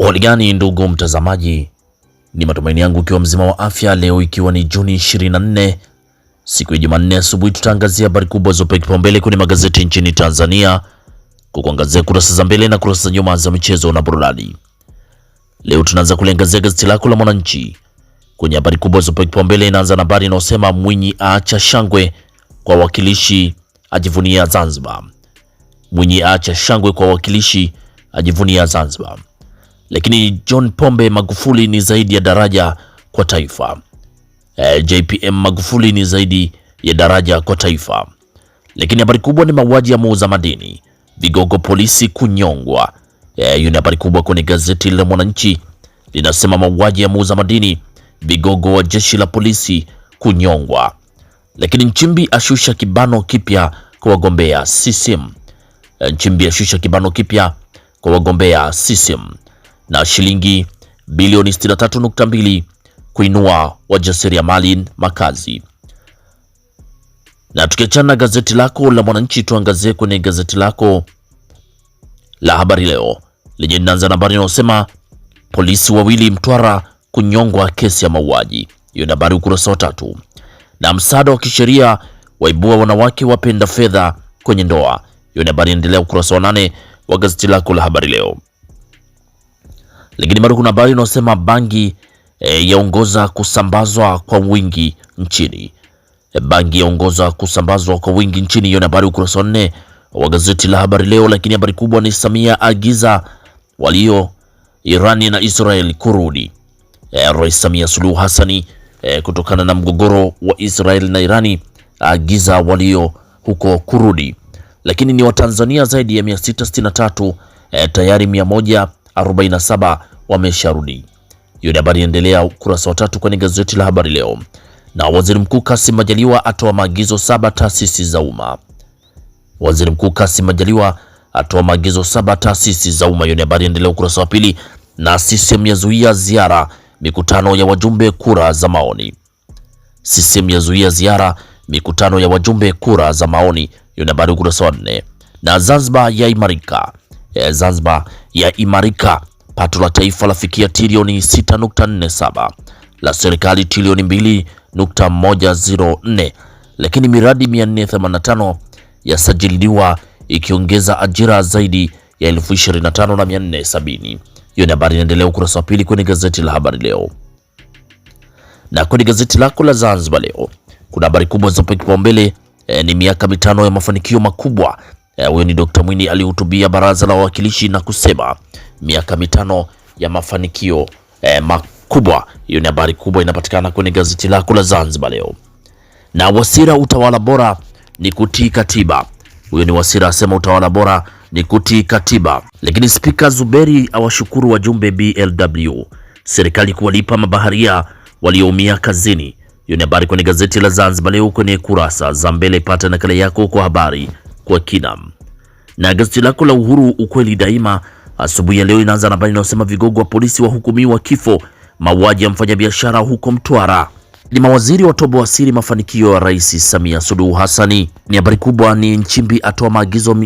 Uhaligani ndugu mtazamaji, ni matumaini yangu ukiwa mzima wa afya. Leo ikiwa ni Juni 24 siku ya Jumanne asubuhi, tutaangazia habari kubwa zopewa kipaumbele kwenye magazeti nchini Tanzania, kukuangazia kurasa za mbele na kurasa za nyuma za michezo na burudani. Leo tunaanza kuliangazia gazeti lako la Mwananchi kwenye habari kubwa zopewa kipaumbele. Inaanza na habari inayosema Mwinyi aacha shangwe kwa wakilishi ajivunia Zanzibar. Mwinyi aacha shangwe kwa wakilishi ajivunia Zanzibar lakini John Pombe Magufuli ni zaidi ya daraja kwa taifa. E, eh, JPM Magufuli ni zaidi ya daraja kwa taifa. Lakini habari kubwa ni mauaji ya muuza madini, vigogo polisi kunyongwa. E, hiyo ni habari kubwa kwenye gazeti la Mwananchi linasema mauaji ya muuza madini, vigogo wa jeshi la polisi kunyongwa. Lakini Nchimbi ashusha kibano kipya kwa wagombea CCM. Eh, Nchimbi ashusha kibano kipya kwa wagombea CCM na shilingi bilioni 63.2 kuinua wajasiriamali makazi. Na tukiachana gazeti lako la Mwananchi, tuangazie kwenye gazeti lako la Habari Leo lenye linaanza na habari inayosema polisi wawili Mtwara kunyongwa kesi ya mauaji. Hiyo ni habari ukurasa wa tatu. Na msaada wa kisheria waibua wanawake wapenda fedha kwenye ndoa. Hiyo ni habari inaendelea ukurasa wa nane wa gazeti lako la Habari Leo. Lakini bado kuna habari inayosema bangi e, yaongoza kusambazwa kwa wingi nchini. E, bangi yaongoza kusambazwa kwa wingi nchini. Hiyo ni habari ukurasa wa nne wa gazeti la habari leo. Lakini habari kubwa ni Samia agiza walio Irani na Israel kurudi. E, Rais Samia Suluhu Hassani e, kutokana na mgogoro wa Israel na Irani agiza walio huko kurudi. Lakini ni Watanzania zaidi ya 663 e, tayari mia moja 47 wamesharudi. Hiyo ni habari inaendelea ukurasa wa tatu kwenye gazeti la habari leo. Na waziri mkuu Kassim Majaliwa atoa maagizo saba taasisi za umma. Waziri mkuu Kassim Majaliwa atoa maagizo saba taasisi za umma. Hiyo ni habari inaendelea ukurasa wa pili. Na CCM yazuia ziara mikutano ya wajumbe kura za maoni. CCM yazuia ziara mikutano ya wajumbe kura za maoni. Hiyo ni habari ukurasa wa nne. Na Zanzibar yaimarika eh, Zanzibar yaimarika, pato la taifa lafikia trilioni 6.47 la serikali trilioni 2.104, lakini miradi 485 yasajiliwa ikiongeza ajira zaidi ya elfu na Hiyo ni habari inaendelea ukurasa wa pili kwenye gazeti la habari leo, na kwenye gazeti lako la Zanzibar leo kuna habari kubwa zilizopewa kipaumbele eh, ni miaka mitano ya mafanikio makubwa Eh, huyo ni Dr. Mwinyi alihutubia baraza la wawakilishi na kusema miaka mitano ya mafanikio eh, makubwa. Hiyo ni habari kubwa inapatikana kwenye gazeti lako la Zanzibar leo. Na Wasira, utawala bora ni kutii katiba. Huyo ni Wasira asema utawala bora ni kutii katiba. Lakini Spika Zuberi awashukuru wajumbe BLW, serikali kuwalipa mabaharia walioumia kazini. Hiyo ni habari kwenye gazeti la Zanzibar leo kwenye kurasa za mbele. Pata nakala yako kwa habari kwa kina. Na gazeti lako la Uhuru ukweli daima asubuhi ya leo inaanza na habari inayosema vigogo wa polisi wahukumiwa kifo, mauaji ya mfanyabiashara huko Mtwara, ni mawaziri watoboa siri mafanikio ya Rais Samia Suluhu Hassani. Ni habari kubwa. Ni Nchimbi atoa maagizo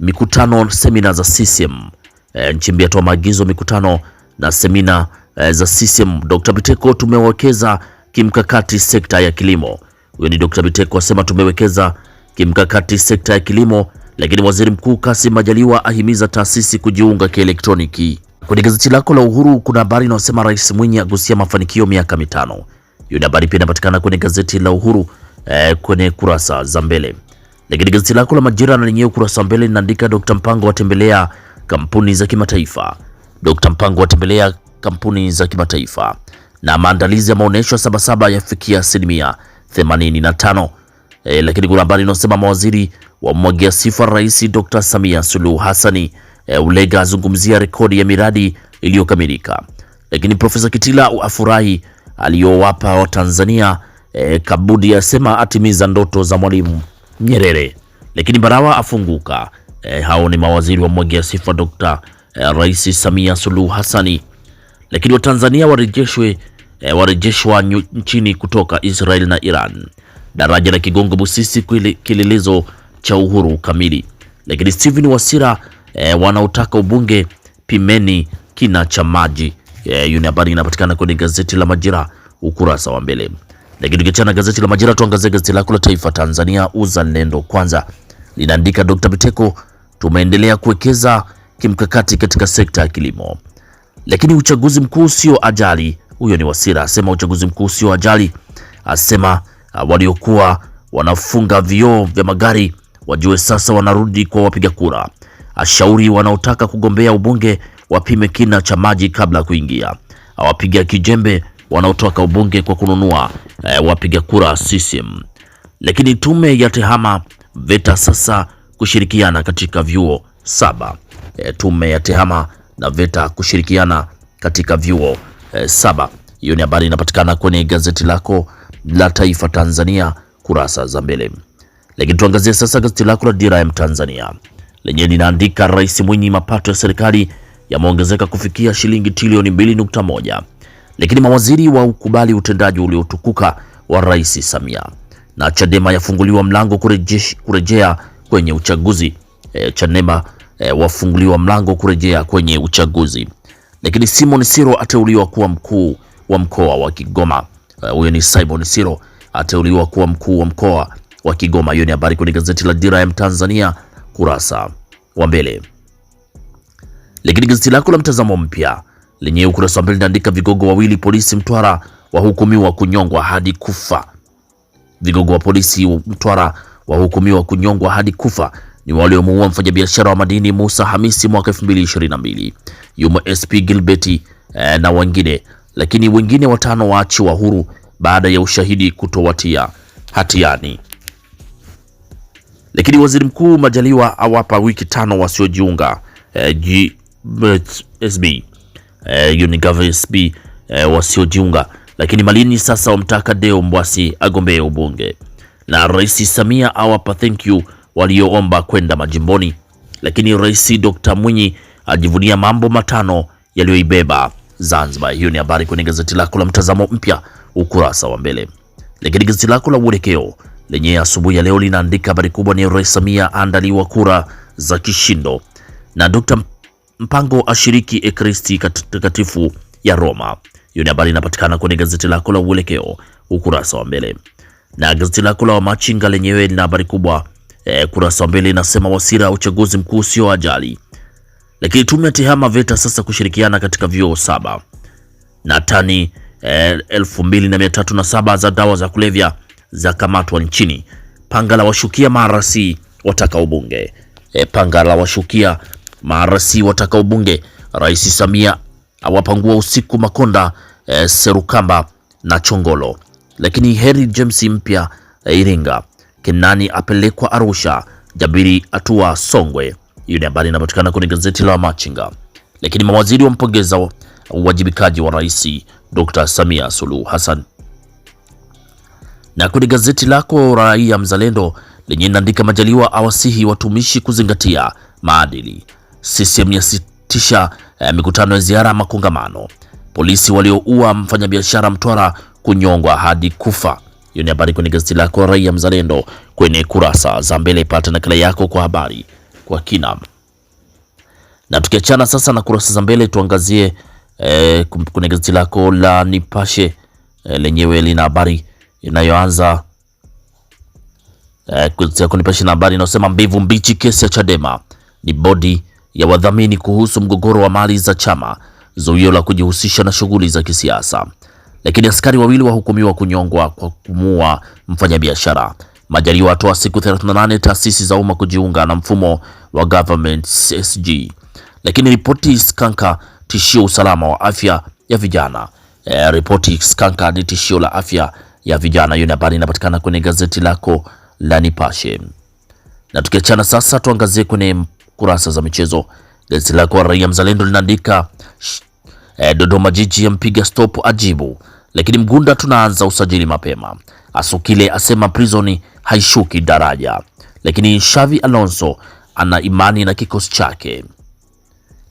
mikutano semina za CCM. E, Nchimbi atoa maagizo mikutano na semina e, za CCM. Dr. Biteko tumewekeza kimkakati sekta ya kilimo. Huyo ni Dr. Biteko asema tumewekeza kimkakati sekta ya kilimo, lakini Waziri Mkuu Kassim Majaliwa ahimiza taasisi kujiunga kielektroniki. Kwenye gazeti lako la Uhuru kuna habari inayosema Rais Mwinyi agusia mafanikio miaka mitano. Hiyo habari pia inapatikana kwenye gazeti la Uhuru eh, kwenye kurasa za mbele. Lakini gazeti lako la Majira na lenyewe kurasa mbele linaandika Dr. Mpango watembelea kampuni za kimataifa. Dr. Mpango watembelea kampuni za kimataifa na maandalizi ya ya Sabasaba yafikia asilimia 85 e, lakini kuna habari inasema mawaziri wamwagia sifa Rais Dr. Samia Suluhu Hassani. E, eh, Ulega azungumzia rekodi ya miradi iliyokamilika, lakini Profesa Kitila afurahi aliyowapa Watanzania. E, Kabudi asema atimiza ndoto za Mwalimu Nyerere, lakini Barawa afunguka. E, hao ni mawaziri wamwagia sifa Dr. e, Rais Samia Suluhu Hassani, lakini Watanzania warejeshwe e, warejeshwa nchini kutoka Israel na Iran daraja la Kigongo Busisi kielelezo cha uhuru kamili. Lakini Steven Wasira e, wanaotaka ubunge pimeni kina cha maji e, eh, yuni habari inapatikana kwenye gazeti la Majira ukurasa wa mbele. Lakini tukiachana gazeti la Majira, tuangazie gazeti lako la Taifa Tanzania Uzalendo Kwanza linaandika Dr. Biteko, tumeendelea kuwekeza kimkakati katika sekta ya kilimo. Lakini uchaguzi mkuu sio ajali, huyo ni Wasira asema uchaguzi mkuu sio ajali, asema Ah, waliokuwa wanafunga vioo vya magari wajue sasa wanarudi kwa wapiga kura. Ashauri ah, wanaotaka kugombea ubunge wapime kina cha maji kabla ya kuingia. Awapiga ah, kijembe wanaotoka ubunge kwa kununua e, wapiga kura CCM. Lakini tume ya tehama VETA sasa kushirikiana katika vyuo saba. E, tume ya tehama na VETA kushirikiana katika vyuo e, saba. Hiyo ni habari inapatikana kwenye gazeti lako la Taifa Tanzania kurasa za mbele. Lakini tuangazie sasa gazeti lako la Dira ya Mtanzania lenye linaandika Rais Mwinyi, mapato ya serikali yameongezeka kufikia shilingi trilioni 2.1, lakini mawaziri wa ukubali utendaji uliotukuka wa Rais Samia na Chadema yafunguliwa mlango kurejea kwenye uchaguzi e, Chadema e, wafunguliwa mlango kurejea kwenye uchaguzi. Lakini Simon Siro ateuliwa kuwa mkuu wa mkoa wa Kigoma. Eh, huyo ni Simon Siro ateuliwa kuwa mkuu wa mkoa wa Kigoma. Hiyo ni habari kwenye gazeti la Dira ya Mtanzania kurasa wa mbele. Lakini gazeti lako la Mtazamo Mpya lenye ukurasa wa mbele linaandika vigogo wawili polisi Mtwara wahukumiwa kunyongwa hadi kufa. Vigogo wa polisi Mtwara wahukumiwa kunyongwa hadi kufa ni waliomuua mfanyabiashara wa madini Musa Hamisi mwaka 2022. Yumo SP Gilbert eh, na wengine lakini wengine watano waachiwa huru baada ya ushahidi kutowatia hatiani. Lakini waziri mkuu Majaliwa awapa wiki tano wasiojiunga e, wasiojiunga. Lakini Malini sasa wamtaka Deo Mbwasi agombee ubunge, na Rais Samia awapa thank you walioomba kwenda majimboni. Lakini Rais Dr Mwinyi ajivunia mambo matano yaliyoibeba Zanzibar. Hiyo ni habari kwenye gazeti lako la Mtazamo Mpya ukurasa wa mbele, lakini gazeti lako la Uelekeo lenye asubuhi ya leo linaandika habari kubwa ni Rais Samia aandaliwa kura za kishindo na Dr. Mpango ashiriki Ekaristi takatifu ya Roma. Hiyo ni habari inapatikana kwenye gazeti lako la Uelekeo ukurasa wa mbele, na gazeti lako la Wamachinga lenyewe lina habari kubwa e, eh, kurasa wa mbele inasema, Wasira uchaguzi mkuu sio ajali lakini tume ya TEHAMA VETA sasa kushirikiana katika vyuo saba eh, na tani eh, na saba za dawa za kulevya za kamatwa nchini. Panga la washukia marasi wataka ubunge. E, panga la washukia marasi wataka ubunge. Rais Samia awapangua usiku Makonda e, Serukamba na Chongolo. Lakini Heri James mpya e, Iringa. Kenani apelekwa Arusha. Jabiri atua Songwe. Hiyo ni habari inapatikana kwenye gazeti la Machinga. Lakini mawaziri wampongeza uwajibikaji wa Rais Dr. Samia Suluhu Hassan. Na kwenye gazeti lako Raia Mzalendo lenye inaandika Majaliwa awasihi watumishi kuzingatia maadili. CCM yasitisha eh, mikutano ya ziara makongamano. Polisi walioua mfanyabiashara Mtwara kunyongwa hadi kufa. Hiyo ni habari kwenye gazeti lako Raia Mzalendo kwenye kurasa za mbele. Pata nakala yako kwa habari kwa kina. Na tukiachana sasa na kurasa za mbele, tuangazie e, eh, kwenye gazeti lako la Nipashe e, lenyewe lina habari inayoanza e, Nipashe na habari inayosema mbivu mbichi, kesi ya Chadema ni bodi ya wadhamini kuhusu mgogoro wa mali za chama, zuio la kujihusisha na shughuli za kisiasa. Lakini askari wawili wahukumiwa kunyongwa kwa kumua mfanyabiashara Majaliwa atoa siku 38 taasisi za umma kujiunga na mfumo wa government SG. Lakini ripoti Skanka tishio usalama wa afya ya vijana. E, ripoti Skanka ni tishio la afya ya vijana. Hiyo habari inapatikana kwenye gazeti lako la Nipashe. Na tukiachana sasa, tuangazie kwenye kurasa za michezo. Gazeti lako Raia Mzalendo linaandika e, Dodoma jiji yampiga stop ajibu, lakini Mgunda tunaanza usajili mapema. Asukile asema Prison haishuki daraja, lakini Xavi Alonso ana imani na kikosi chake.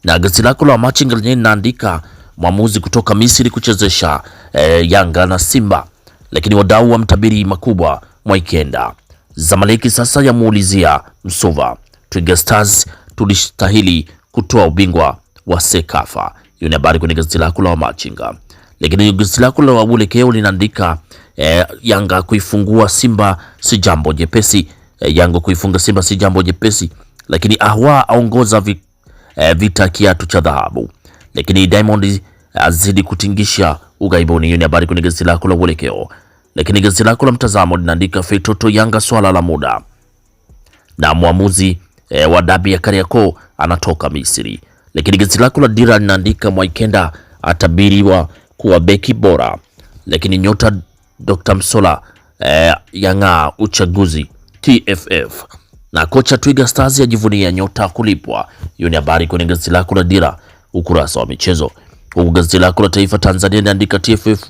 Na gazeti lako la Wamachinga lenyewe linaandika mwamuzi kutoka Misri kuchezesha e, Yanga na Simba, lakini wadau wa mtabiri makubwa Mwaikenda. Zamaleki sasa yamuulizia Msuva. Twiga Stars tulistahili kutoa ubingwa wa Sekafa. Hiyo ni habari kwenye gazeti lako la Wamachinga. Lakini gazeti lako la mwelekeo linaandika e, Yanga kuifungua Simba si jambo jepesi E, Yanga kuifunga Simba si jambo jepesi, lakini Ahwa aongoza vi, e, vita kiatu cha dhahabu, lakini Diamond azidi kutingisha ugaibuni. Hiyo ni habari kwenye gazeti lako la mwelekeo. Lakini gazeti lako la mtazamo linaandika fetoto Yanga swala la muda na mwamuzi e, wa dabi ya Kariakoo anatoka Misri. Lakini gazeti lako la Dira linaandika Mwaikenda atabiriwa kuwa beki bora, lakini nyota Dr. Msola eh, yang'aa uchaguzi TFF na kocha Twiga Stars yajivunia nyota kulipwa. Hiyo ni habari kwenye gazeti lako la Dira ukurasa wa michezo, huku gazeti lako la Taifa Tanzania inaandika TFF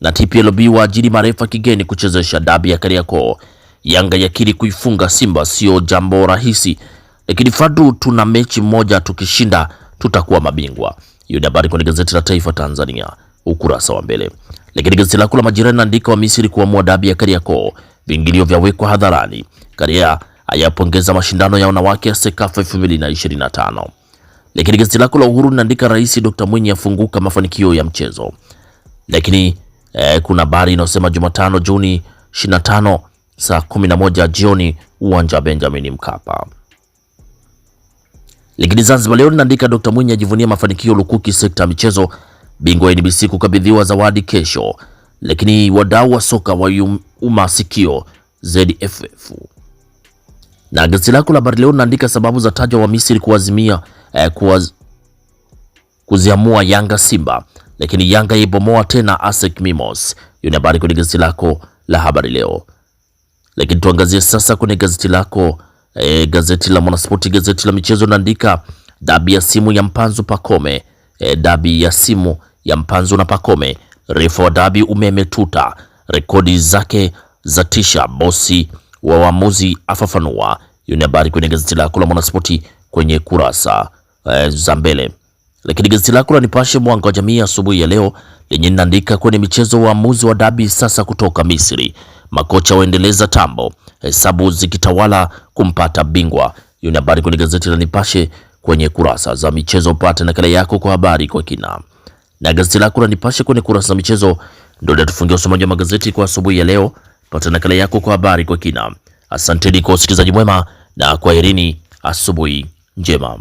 na TPLB waajiri marefa kigeni kuchezesha dabi ya Kariakoo. Yanga yakiri kuifunga Simba sio jambo rahisi, lakini Fadu, tuna mechi moja, tukishinda tutakuwa mabingwa. Hiyo ni habari kwenye gazeti la Taifa Tanzania ukurasa wa mbele. Lakini gazeti lako la Majira linaandika wa Misri kuamua dabi ya Kariakoo, vingilio vyawekwa hadharani. Karia ayapongeza mashindano ya wanawake ya Sekafa 2025. Lakini gazeti lako la Uhuru linaandika Rais Dr. Mwinyi afunguka mafanikio ya mchezo. Lakini eh, kuna habari inayosema Jumatano Juni 25 saa 11 jioni uwanja wa Benjamin Mkapa. Lakini Zanzibar leo linaandika Dr. Mwinyi ajivunia mafanikio lukuki sekta ya michezo bingwa NBC kukabidhiwa zawadi kesho, lakini wadau wa soka waiuma sikio ZFF. Na gazeti lako la habari leo linaandika sababu za tajwa wa Misri kuazimia eh, kuaz, kuziamua Yanga Simba, lakini Yanga yaibomoa tena ASEC Mimos. Hiyo ni habari kwenye gazeti lako la habari leo, lakini tuangazie sasa kwenye gazeti lako eh, gazeti la Mwanaspoti, gazeti la michezo linaandika dabi ya simu ya Mpanzu Pakome, eh, dabi ya simu ya Mpanzu na Pakome, refu wa dabi tuta rekodi zake za tisha. Bosi wa waamuzi afafanua. Hiyo ni habari kwenye gazeti lako la Mwanaspoti kwenye kurasa e, za mbele. Lakini gazeti lako la Nipashe mwanga wa jamii asubuhi ya leo lenye linaandika kwenye michezo, waamuzi wa dabi sasa kutoka Misri, makocha waendeleza tambo, hesabu zikitawala kumpata bingwa. Hiyo ni habari kwenye gazeti la Nipashe kwenye kurasa za michezo. Pata nakala yako kwa habari kwa kina na gazeti lako la Nipashe kwenye kurasa za michezo, ndio linatufungia usomaji wa magazeti kwa asubuhi ya leo. Pata nakala yako kwa habari kwa kina. Asanteni kwa usikilizaji mwema na kwaherini, asubuhi njema.